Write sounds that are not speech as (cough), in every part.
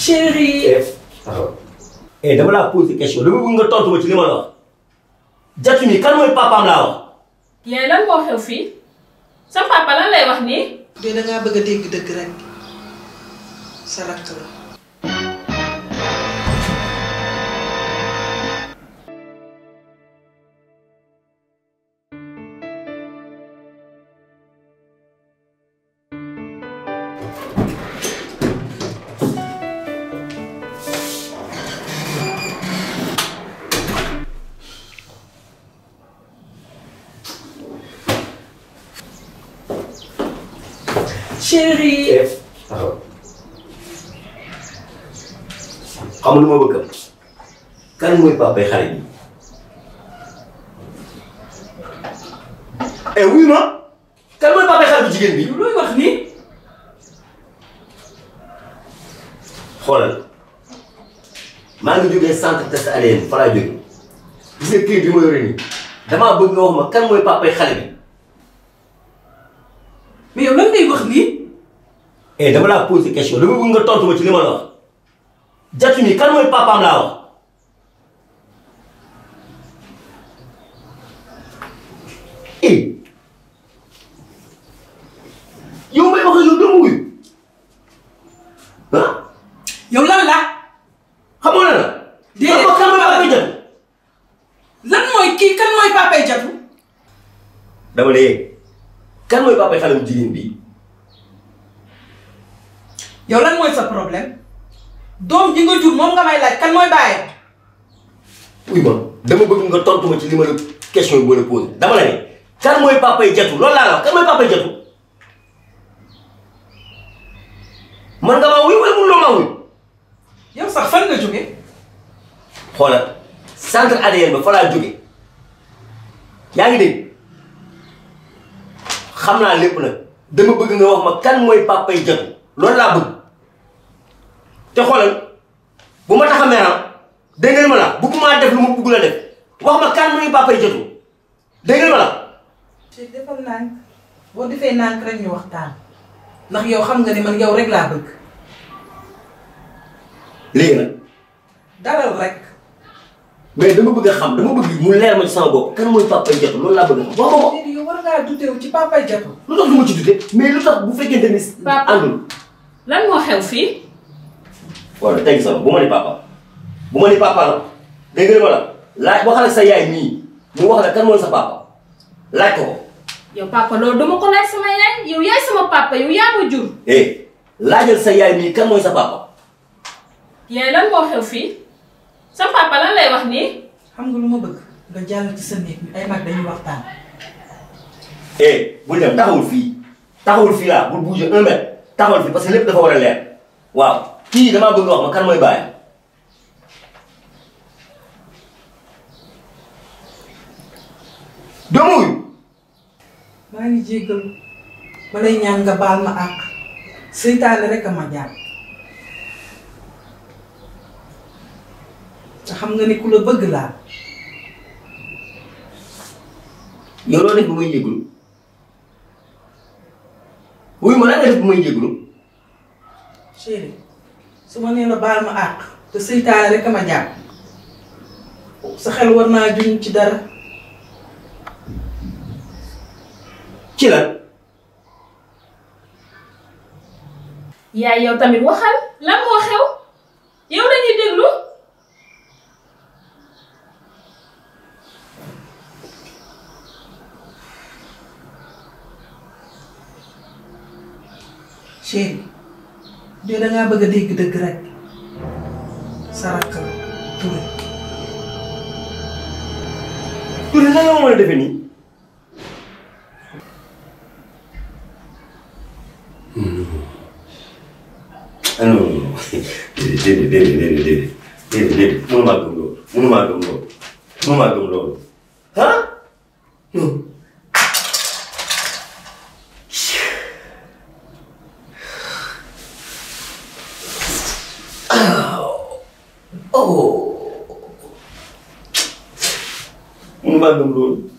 chéri. eh dama laa posé question dama bëgg nga tontu ma ci li ma la wax. Jatu mi kan mooy papaam laa wax. yéen lan moo xew fii sa papa lan lay wax nii. mais da ngaa bëgg a dégg dëgg rek sa rakk la. chéri. taxaw xam lu ma bëgg kan mooy papay xale bi. eh ma. kan mooy papay xale bu jigéen bi. looy wax nii. xoolal maa ngi jógee centre test ADN fa laa jógee gis nga kii damaa bëgg nga wax ma kan mooy papay xale bi. et eh, dama laa posé question dama bëgg nga tontu ma ci li ma la wax jatu mi kan mooy papaam laa wax. eh yow may wax ak yow dama wuyu ah. yow lan la. xamoo na la. déedéet kan mooy papay jatu. lan mooy kii kan mooy papay jatu. dama ne kan mooy papay xale bu jigéen yow lan mooy sa problème doom ji nga jur moom nga may laaj kan mooy bàyyi. uy ma dama bëgg nga tontu ma ci li ma la question yi la posé dama la ne kan mooy papay jatu loolu laa la wax kan mooy papay jatu man nga maa wuy wala mënuloo maa wuy. yow sax fan nga jógee. xoolal centre ADN ba fa laa yaa ngi dégg xam naa lépp nag dama bëgg nga wax ma kan mooy papay jatu loolu laa bëgg. te xoolal bu ma tax a meeram ma la bëgguma def lu mu bëgg la def wax ma kan muy papay jotu dégg ma la. te defal naa boo defee nànk rek ñu waxtaan ndax yow xam nga ni man yow rek laa bëgg. léegi nag. dalal rek. mais dama bëgg a xam dama bëgg mu leer ma ci sama bopp kan mooy papay jotu loolu laa bëgg a xam wax nga ko. ci papay jotu. lu tax du ma mais lu tax bu fekkee ne. papa àndul lan moo xew fii. war na tegg sa bu ma papa bu ma papa la dégg nga ma la laaj waxal ak sa yaay nii mu wax la kan mooy sa papa laaj ko ko. yow papa loolu dama ko laaj sama yaay yow yaay sama papa yow yaa ma jur. eh laajal sa yaay nii kan mooy sa papa. yaay lan moo xew fii sa papa lan lay wax ni xam nga lu ma bëgg nga jàll sa néeg mi ay mag dañuy waxtaan. eh bu dem taxawul fii taxawul fii laa bul bouger un mètre taxawul fii parce que lépp dafa war a leer waaw. kii damaa bëgg wax ma kan mooy bàyyi doomu maa ngi jéggalu ma lay ñaan nga baal ma àq seytaane rek a ma jàpp te xam nga ne ku la bëgg laa yow loo def bu may jéggalu wuy ma lan nga def bu may jéggalu chéri su ma nee baal ma àq te seytaane rek a jàpp sa xel war naa juñ ci dara. ci la. yaay yow tamit waxal lan moo xew yow lañuy déglu. chéri yow da ngaa bëgg a dégg dëgg rek sa rakk la Touré. Touré nan ma mën a defee nii. ah non non déedéet déedéet déedéet déedéet déedéet déedéet mënumaa gëm loolu mënumaa gëm loolu mënumaa gëm loolu gëm loolu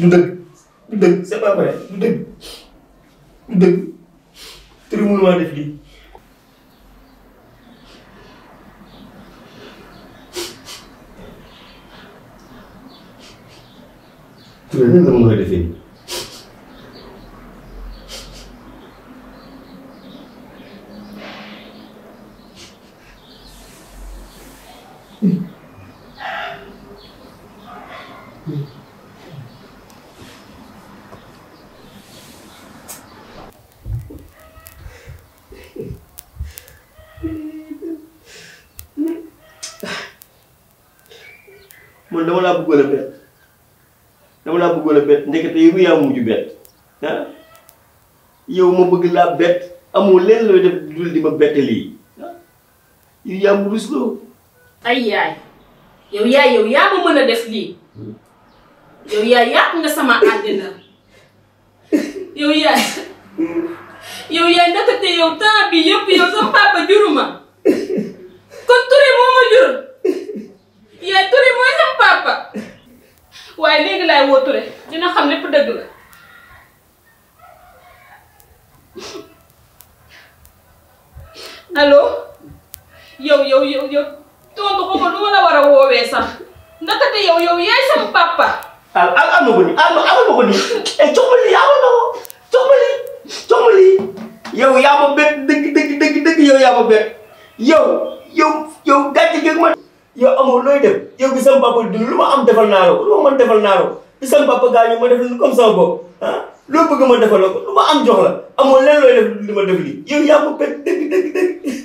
du dëgg du dëgg c'est pas vrai du dëgg du dëgg te mënu maa def lii. mais nan la ma koy defee. man dama laa bëggoon a bett dama laa bëggoon a bett ndekete yow yaa mujj bett ah yow ma bëgg laa bett amoo leen looy def dul di ma bett lii ah yow yaa mu rusloo. ay yaay yow yaay yow yaa ma mën a def lii yow yaay yàq nga sama àddina yow yaay yow yaay ndekete yow temps bi yëpp yow sama papa juruma kon Touré moo ma jur. waaye léegi laay woo Touré dina xam lépp dëgg la allo yow yow yow yow tontu ko ko lu la war a woowee sax ndakate yow yow yaay sama papa. al al am na ko nii al am na ko nii eh, jox ma lii amoon na ko yow yaa ma bett dëgg dëgg dëgg yow yaa ma bett yow yow. yow amoo looy def yow bi sama papa dund lu ma am defal naa la lu ma mën defal naa la ko bi sama papa gaañu ma defal comme ah? loo lu ma am jox la amoo leen looy def li ma def lii yow yaa ma pet dëgg dëgg dëgg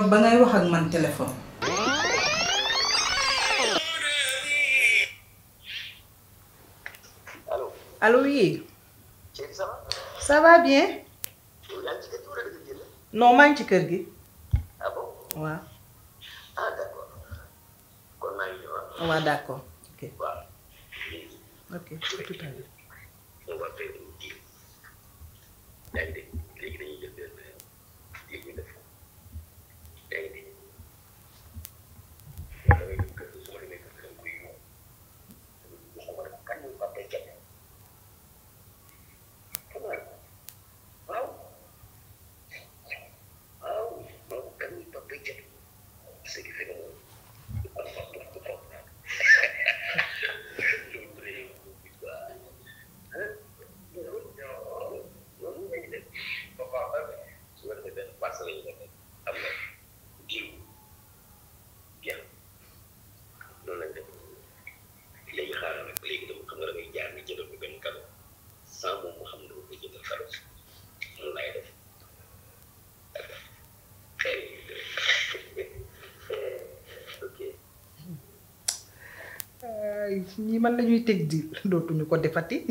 keroog ba ngay wax ak man téléphone allo allo oui ça bien non maa ci kër gi ah waaw ah, ah. waaw d'accord ok ok tout à l'heure ñi man lañuy teg di (laughs) dootuñu ko defati (laughs)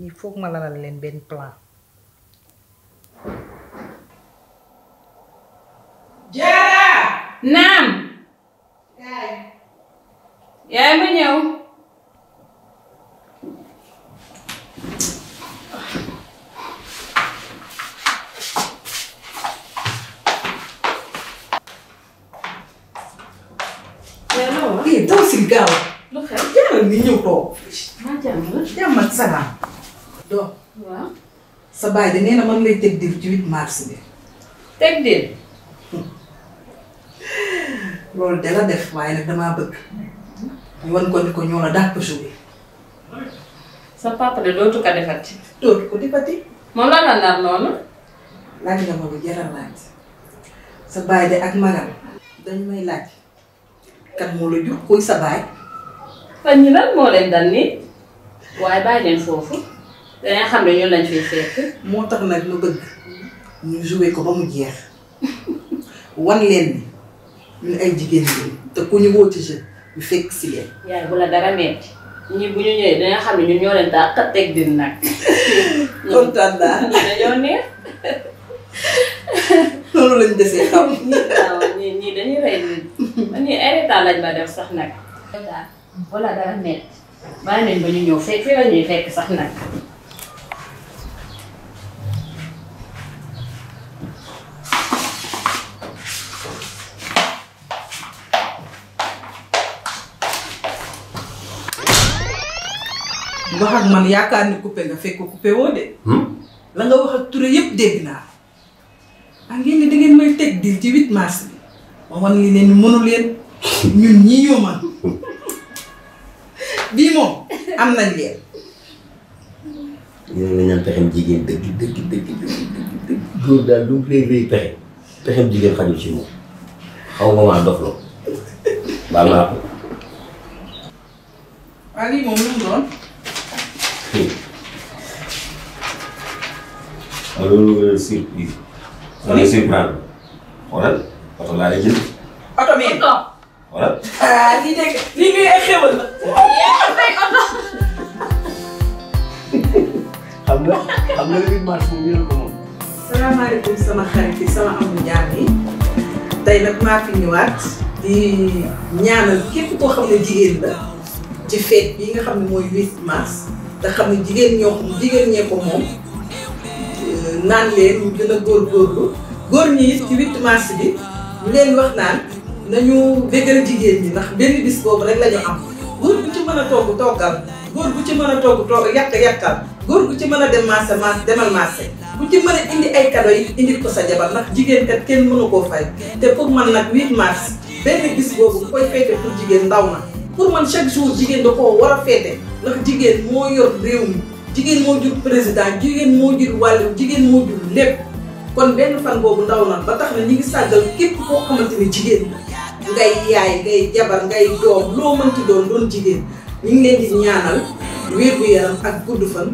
ñi foog ma lalal leen benn plan jaara naam yaay ma ñëw eh daw si gaaw. lu xew ni ñëw toog. maa jàmm la jàmm ak salaam. doom. waaw. sa baay de nee na man mars bi. teg diir. loolu de la def waaye nag damaa bëgg. ñu wan ko ni ko sa papa de dootu ko defati. dootu ko defati. moom la la nar noonu. laaj nga ma bu jaral laaj. sa baay de ak magam dañ may laaj. kan moo la jur kuy sa baay. fan ñi lan moo leen dal nii waaye bàyyi leen foofu danañ xam ne ñun lañ fiy fekk. moo tax nag lu bëgg ñu joué ko ba mu jeex wan leen ni ñun ay jigéen ñi te ku ñu woo ci jeu ñu fekk si leen. yaay bu la dara metti ñi bu ñu ñëwee danañ xam ne ñun ñoo leen daa kat teg din nag. (laughs) kontaan naa ñun neex. loolu lañ desee xam. (laughs) ñii dañuy rey ñu état lañ ma def sax ba ñu ñëw fekk fii la ñuy fekk sax nag. wax ak man yaakaar ni coupé nga fekk coupé woo de. Hmm? la nga wax ak Touré yëpp dégg naa. ah ngeen ne dangeen may teg dil ci 8 mars bi. ma wan li leen mënu leen. ñun ñii ñoo man bii moom am nañ leen. ñu ne la ñu pexem jigéen dëgg dëgg dëgg dëgg góor daal lu mu rëy rëy pexem jigéen xajul ci moom xaw ma maa dof loo baal naa ko. lii moom lu mu doon. ma loolu surprise. ma la surprendre xoolal laa lay jënd. xam nga le ko salaamaaleykum sama xarit yi sama amu jaam yi tey nag maa fi ñëwaat di ñaanal képp koo xam ne jigéen la ci fête yi nga xam ne mooy 8 mars te xam ne jigéen ñoo jigéen ñee ko moom euh, naan leen ñu gën a góorgóorlu góor ñi it ci 8 mars bi leen wax naan nañu bégal jigéen ñi ndax benn bis boobu rek lañu am góor bu ci mën a togg toggal góor bu ci mën a togg togg yàq yàqal. góor gu ci mën a dem marché marché demal marché bu ci mën a indi ay cadeau yi indil ko sa jabar ndax jigéen kat kenn mënu koo fay te pour man nag 8 mars benn bis boobu koy féete pour jigéen ndaw na pour man chaque jour jigéen da koo war a féete ndax jigéen moo yor réew mi jigéen moo jur président jigéen moo jur wàllu jigéen moo jur lépp kon benn fan boobu ndaw na ba tax na ñi ngi sàggal képp koo xamante ni jigéen ngay yaay ngay jabar ngay doom loo mënti doon doon jigéen ñu ngi leen di ñaanal wér gu yaram ak gudd fan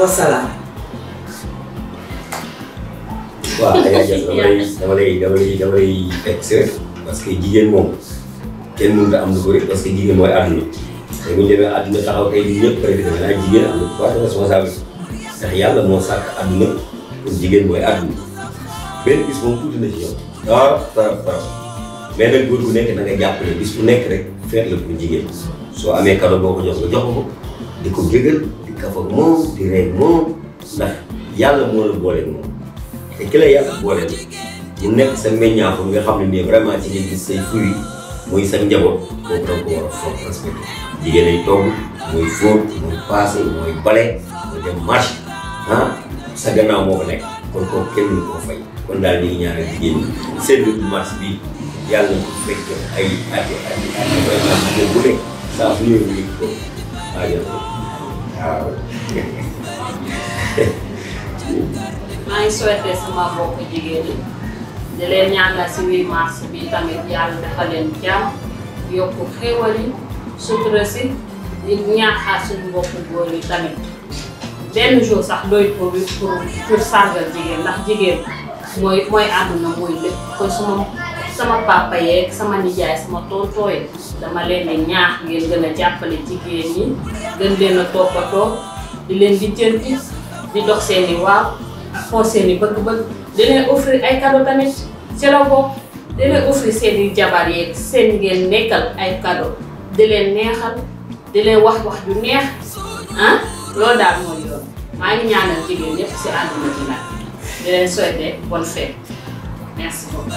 wasalaam. waaw jaajëf dama lay dama lay rek parce que jigéen moom kenn mënut a am lu bëri parce que jigéen mooy àdduna te bu ñu am na part yàlla moo sàkk àdduna pour jigéen mooy àdduna benn bis moom tuuti na ci yow. waaw ah, waaw waaw mais nag góor nekk na nga jàppale bis bu nekk rek feet la pour jigéen. soo amee cadeau boo ko jox nga jox ko di ko jégal di kaf moom di rey moom ndax yàlla moo la boole moom te ki yàlla boole mu nekk sa meññaafu nga xam ne nii vraiment ci ngay gis say fruits muy sa njaboot boobu da nga ko war a fonk respecté jigéen ay togg muy fóot muy paase muy bale muy dem marché sa gannaaw moo ko nekk kon kooku kenn du fay kon daal ñu ngi ñaanal jigéen ñi seen marché bi yàlla na ko fekk ay ati ati ati vraiment jigéen bu saa su ñëwee nii waajal ko waaw. maa ngi souhaité sama mbokku jigéen ñi di leen ñaanal si 8 mars bi tamit yàlla dafa leen jàmm yokk xéwal yi sutura si di ñaaxaat suñu mbokku góor yi tamit benn jour sax doy pour pour pour sargal jigéen ndax jigéen mooy mooy àdduna mooy lépp kon suma sama papa yeeg sama nijaay sama tontooy dama leen ne ñaax ngeen gën a jàppale jigéen yi gën leen a toppatoo di leen di jëndi di dox seen i waaw xool seen bëgg-bëgg di leen offrir ay cadeau tamit ci la bokk di leen jabar yeeg seen ngeen nekkal ay cadeau di leen neexal di leen wax wax ju neex ah loolu daal mooy yoon maa ngi ñaanal jigéen ñëpp si àdduna ji di leen souhaiter bonne fête Merci beaucoup.